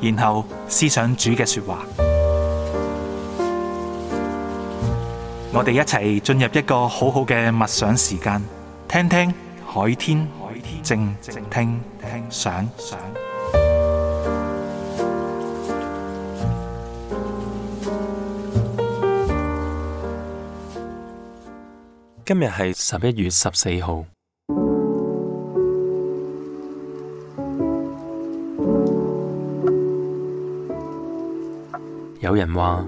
然後思想主嘅說話， 我哋一齊進入一個好好嘅默想時間，聽聽海天靜靜聽，聽想。今日係十一月十四號。有人話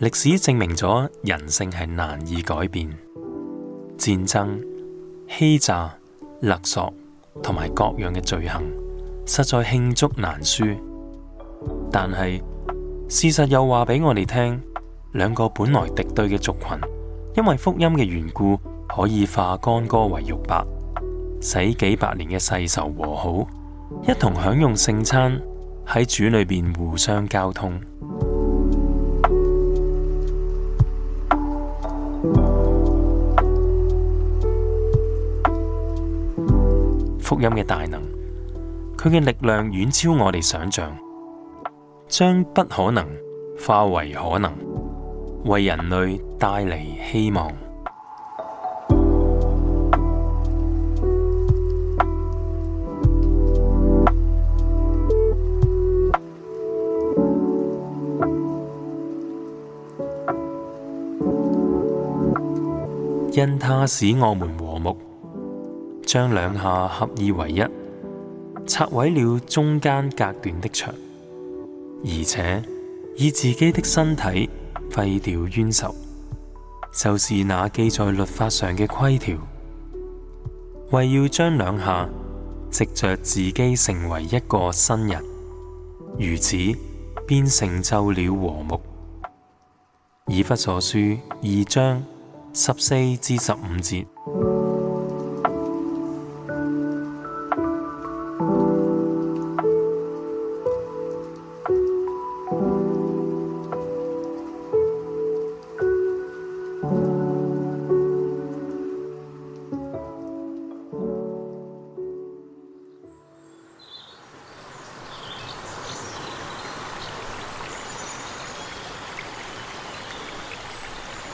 歷史證明咗人性係難以改變，戰爭、欺詐、勒索同埋各樣嘅罪行實在罄竹難書。但係事實又話俾我哋聽，兩個本來敵對嘅族群，因為福音嘅緣故，可以化干戈為玉帛，使幾百年嘅世仇和好，一同享用聖餐，喺主裏邊互相交通。福音嘅大能，佢嘅力量遠超我哋想象，將不可能化為可能，為人類帶嚟希望。因他使我們活。將兩下合二為一，拆毀了中間隔斷的牆，而且以自己的身體廢掉冤仇，就是那記載律法上嘅規條，為要將兩下藉着自己成為一個新人，如此便成就了和睦。以弗所書二章十四至十五節。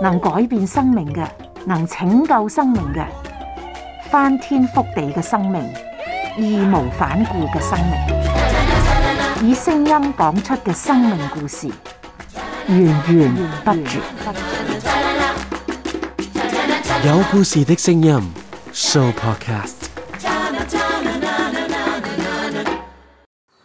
能改變生命嘅，能拯救生命嘅，翻天覆地嘅生命，義無反顧嘅生命，以聲音講出嘅生命故事，源源不絕。有故事的聲音，Sooo Podcast。